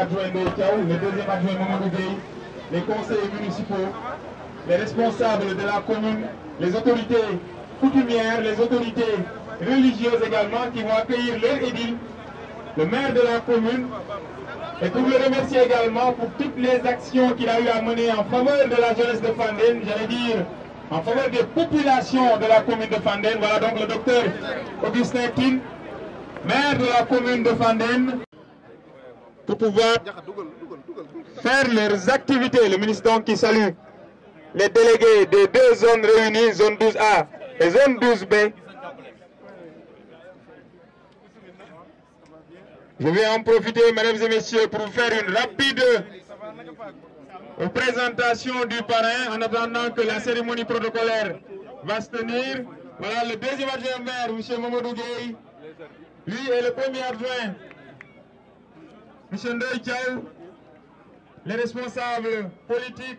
adjoint de le deuxième adjoint Mamadou Gueye, les conseils municipaux, les responsables de la commune, les autorités coutumières, les autorités religieuses également qui vont accueillir leur édile, le maire de la commune, et pour le remercier également pour toutes les actions qu'il a eu à mener en faveur de la jeunesse de Fanden, j'allais dire en faveur des populations de la commune de Fanden. Voilà donc le docteur Augustin Kim, maire de la commune de Fanden pour pouvoir faire leurs activités. Le ministre qui salue les délégués des deux zones réunies, zone 12A et zone 12B. Je vais en profiter, mesdames et messieurs, pour faire une rapide présentation du parrain en attendant que la cérémonie protocolaire va se tenir. Voilà le deuxième adjoint maire, M. Mamadou Lui est le premier adjoint M. Ndeuil les responsables politiques,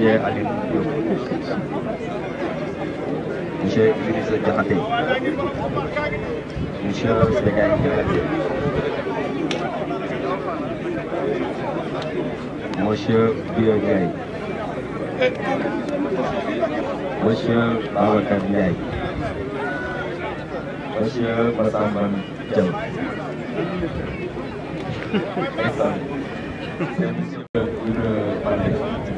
Monsieur Ali Diop. Monsieur Ministre Diakate. Monsieur Sénégal Diakate. Monsieur Bio Diay. Monsieur Babakar Diay. Monsieur Pratambam Diop. Thank you.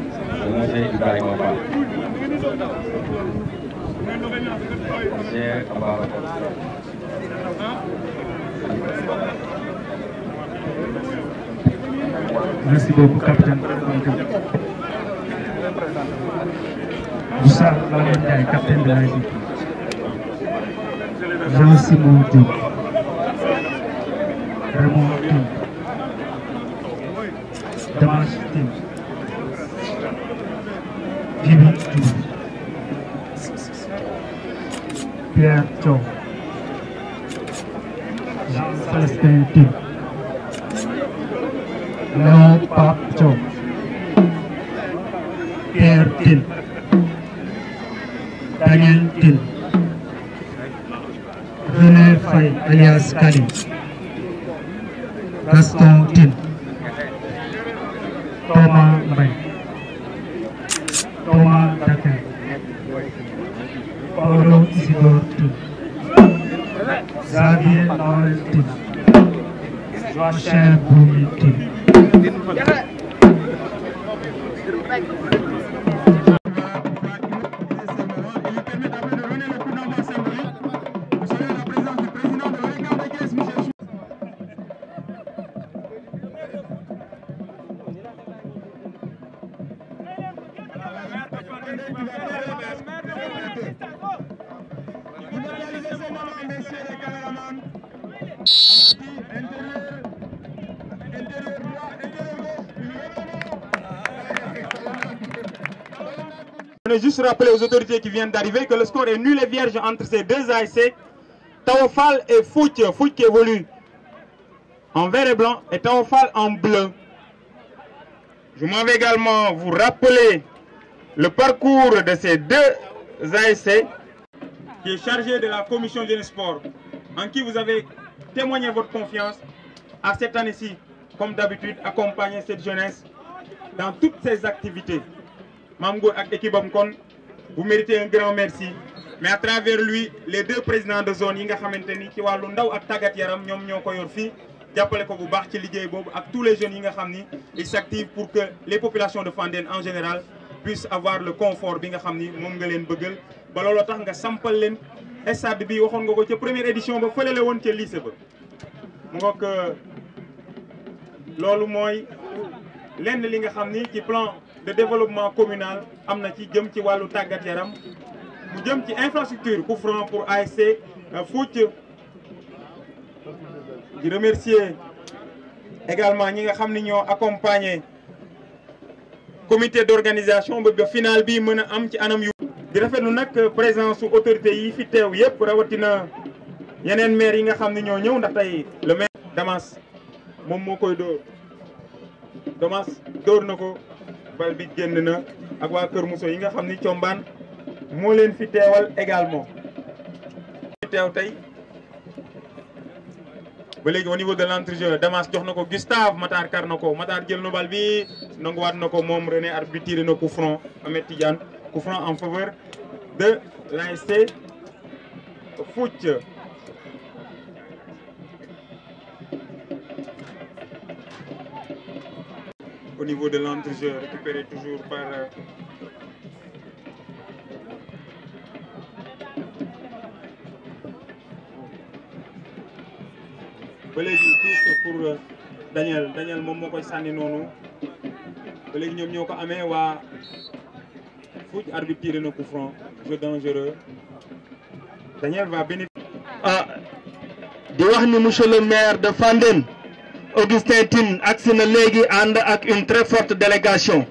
domin sai ibrahim ba sai ababakar Merci beaucoup, capitaine. Moussa Lamentaï, capitaine de la République. Jean-Simon Diop. Raymond Tim. Damas Tim. Pierre Cho, Palestine team. Leo Pierre Daniel Tin, René Fay alias Kali, Gaston Thomas Mbay, Thomas Dakar, Paulo Isidore Xavier Lawrence team, Joshua Bhumi team. Je voudrais juste rappeler aux autorités qui viennent d'arriver que le score est nul et vierge entre ces deux ASC, Taofal et foot foot qui évolue en vert et blanc et Taofal en bleu. Je m'en vais également vous rappeler le parcours de ces deux ASC qui est chargé de la commission jeunesse sport en qui vous avez témoigné votre confiance à cette année-ci, comme d'habitude, accompagner cette jeunesse dans toutes ses activités. Mame Goor ak équipe kon vous méritez un grand merci mais à travers lui les deux présidents de zone yi nga xamante ni ci wàllu ndaw ak tàggat yaram ñoom ñoo ko yor fii jàppale ko bu baax ci liggéey ak tous les jeunes yi nga ils s'activent pour que les populations de Fandène en général puissent avoir le confort bi nga xam ni moom nga leen bëggal ba looloo tax nga sampal leen stade bi waxoon nga ko ca première édition ba fële la woon ca lycée ba mu ngoog euh, loolu mooy lenn li nga ci plan le développement communal am na ci jëm ci wàllu tàggat yaram mu jëm ci infrastructure coup pour ASC euh, Fouth di remercier également ñi nga xam ni ñoo accompagner comité d'organisation ba final bi mën a am ci anam yu di rafetlu nag présence su autorités yi fi teew yëpp rawatina yeneen maire yi nga xam ne ñoo ñëw ndax tey le maire Damas moom moo koy dóor Damas dóor bal bi génn na ak waa Kër Moussa yi nga xam ni combaan moo leen fi teewal également fi teew tey ba léegi au niveau de l'entrejeu Damas jox na ko Gustave Matar kar na ko Matar jël na bal bi nanguwaat na ko moom René arbitre tiré na coup franc Ahmed Tidiane coup en faveur de l'ASC Fouth au niveau de l'entrejeu, récupéré toujours par euh, ba pour euh, Daniel Daniel Momo koy coup jeu dangereux Daniel va bénéficier ah le maire de Fandène Augustin Tin, agsi na une très forte délégation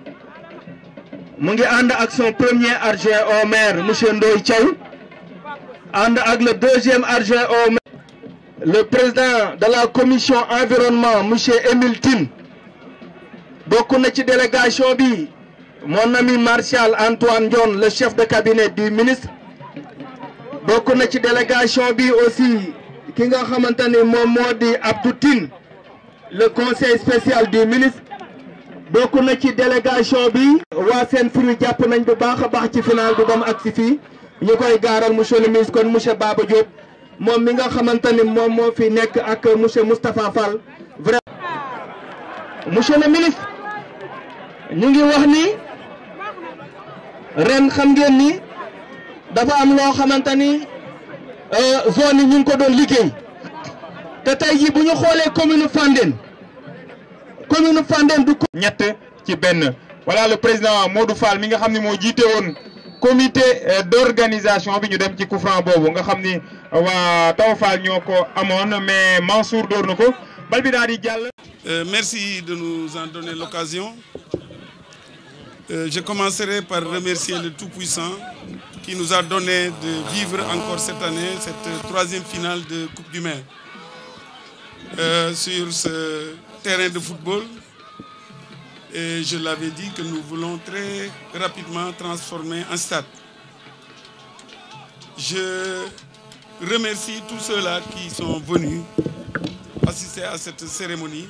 Il a son premier argent au maire M. Ndoye Il Avec le deuxième argent au maire le président de la commission environnement monsieur Émile Tim. a délégation mon ami Martial Antoine John, le chef de cabinet du ministre Beaucoup de délégation aussi ki nga xamante ni le conseil spécial du ministre bokk na ci délégation bi waa seen fruit jàpp nañ bu baax a baax ci final bi ba mu agsi fii ñu koy gaaral monsieur le ministre kon monsieur baaba Diop moom mi nga xamante ni moom moo fi nekk ak monsieur Moustapha Fall vraiment monsieur le ministre ñu ngi wax ni ren xam ngeen ni dafa am loo xamante ni euh, zone yi ñu ngi ko doon liggéey te tey jii bu ñu xoolee commune Fandène commune Fandène du. ñett ci voilà le président Modou Fall mi nga xam ne moo comité euh, d'organisation bi ñu dem ci coup franc boobu nga xam ni euh, waa Taw Fall ñoo ko mais Mansour dóor ko euh, merci de nous en donner l'occasion je commencerai par remercier le Tout-Puissant qui nous a donné de vivre encore cette année cette troisième finale de Coupe du Maire. Euh, sur ce terrain de football. Et je l'avais dit que nous voulons très rapidement transformer un stade. Je remercie tous ceux-là qui sont venus assister à cette cérémonie,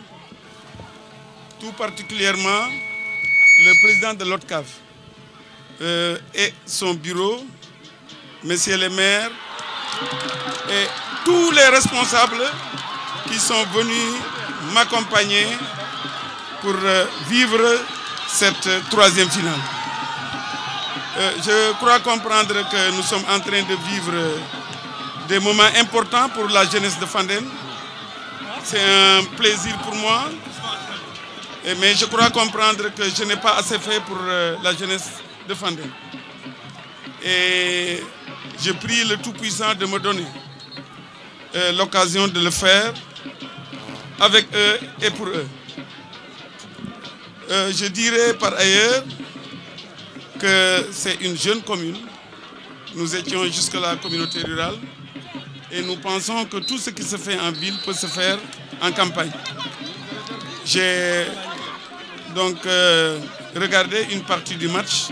tout particulièrement le président de l'OTCAF euh, et son bureau, messieurs les maires et tous les responsables qui sont venus m'accompagner pour euh, vivre cette troisième finale. Euh, je crois comprendre que nous sommes en train de vivre des moments importants pour la jeunesse de Fanden. C'est un plaisir pour moi, mais je crois comprendre que je n'ai pas assez fait pour euh, la jeunesse de Fanden. Et je prie le Tout-Puissant de me donner l'occasion de le faire avec eux et pour eux. Euh, je dirais par ailleurs que c'est une jeune commune. Nous étions jusque-là communauté rurale et nous pensons que tout ce qui se fait en ville peut se faire en campagne. J'ai donc euh, regardé une partie du match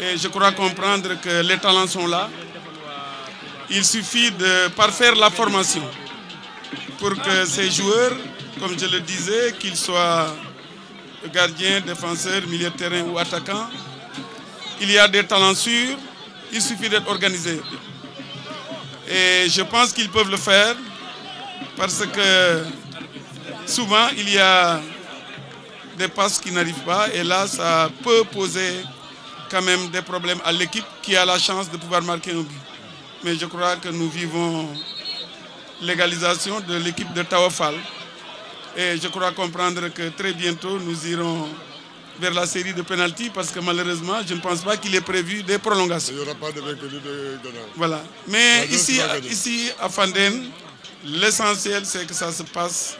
et je crois comprendre que les talents sont là. Il suffit de parfaire la formation pour que ces joueurs, comme je le disais, qu'ils soient gardiens, défenseurs, milieu de terrain ou attaquants, il y a des talents sûrs, il suffit d'être organisé. Et je pense qu'ils peuvent le faire parce que souvent il y a des passes qui n'arrivent pas et là ça peut poser quand même des problèmes à l'équipe qui a la chance de pouvoir marquer un but. Mais je crois que nous vivons légalisation de l'équipe de Tawafal Et je crois comprendre que très bientôt, nous irons vers la série de pénalties parce que malheureusement, je ne pense pas qu'il est prévu des prolongations. Il n'y aura pas de de Voilà. Mais ici, ici, à Fanden, l'essentiel, c'est que ça se passe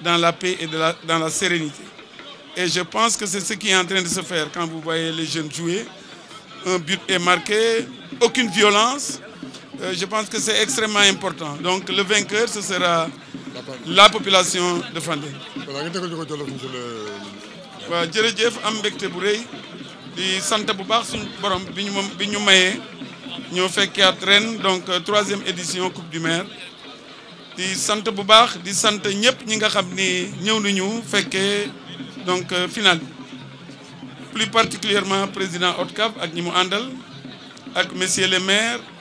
dans la paix et de la, dans la sérénité. Et je pense que c'est ce qui est en train de se faire quand vous voyez les jeunes jouer. Un but est marqué, aucune violence, euh, je pense que c'est extrêmement important. Donc le vainqueur, ce sera la population de Fandé. waaw jërëjëf am bu rëy di sant bu baax suñu borom donc euh, troisième édition coupe du maire di sante bu baax di sante ñëpp ñi nga xamni ni donc euh, finale plus particulièrement président Otkab ak ñi mu àndal ak monsieur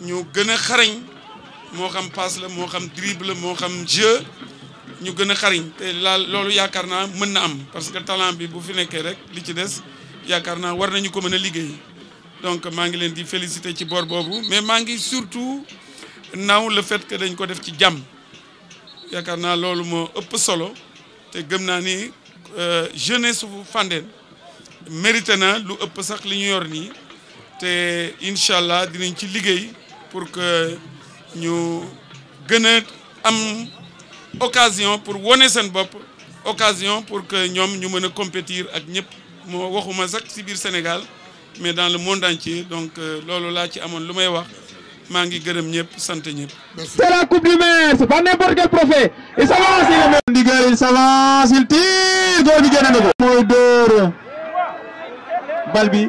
ñu gën a xarañ moo xam passe la moo xam dribble la moo xam jeu ñu gën a xariñ te laal loolu yaakaar naa mën na am parce que talent bi bu fi nekkee rek li ci des yaakaar naa war nañu ko mën a liggéey donc maa ngi leen di félicité ci boor boobu mais maa ngi surtout naw le fait que dañ ko def ci jàmm yaakaar naa loolu moo ëpp solo te gëm naa ni euh, jeunesse su Fandène mérité na lu ëpp sax li ñu yor nii te incha allah dinañ ci liggéey pour que ñu gën am occasion pour wone seen bopp occasion pour que ñoom ñu mën compétir ak ñëpp moo waxuma sax ci biir Sénégal mais dans le monde entier donc euh, loolu laa ci amoon lu may wax maa ngi gërëm ñëpp sant ñëpp. c'est la coupe du monde. c'est pas n'importe quel trophée il s'avance il est même. ndigal il s'avance il tire góor bi génn na ko. mooy dóor bal bi.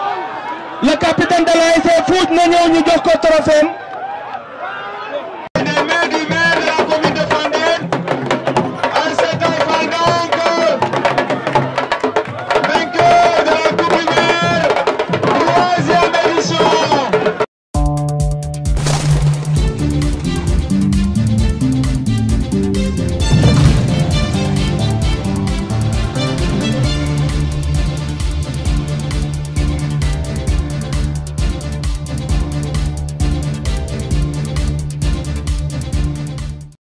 le capitaine de l'ASC Foot na ñëw ñu jox ko trophée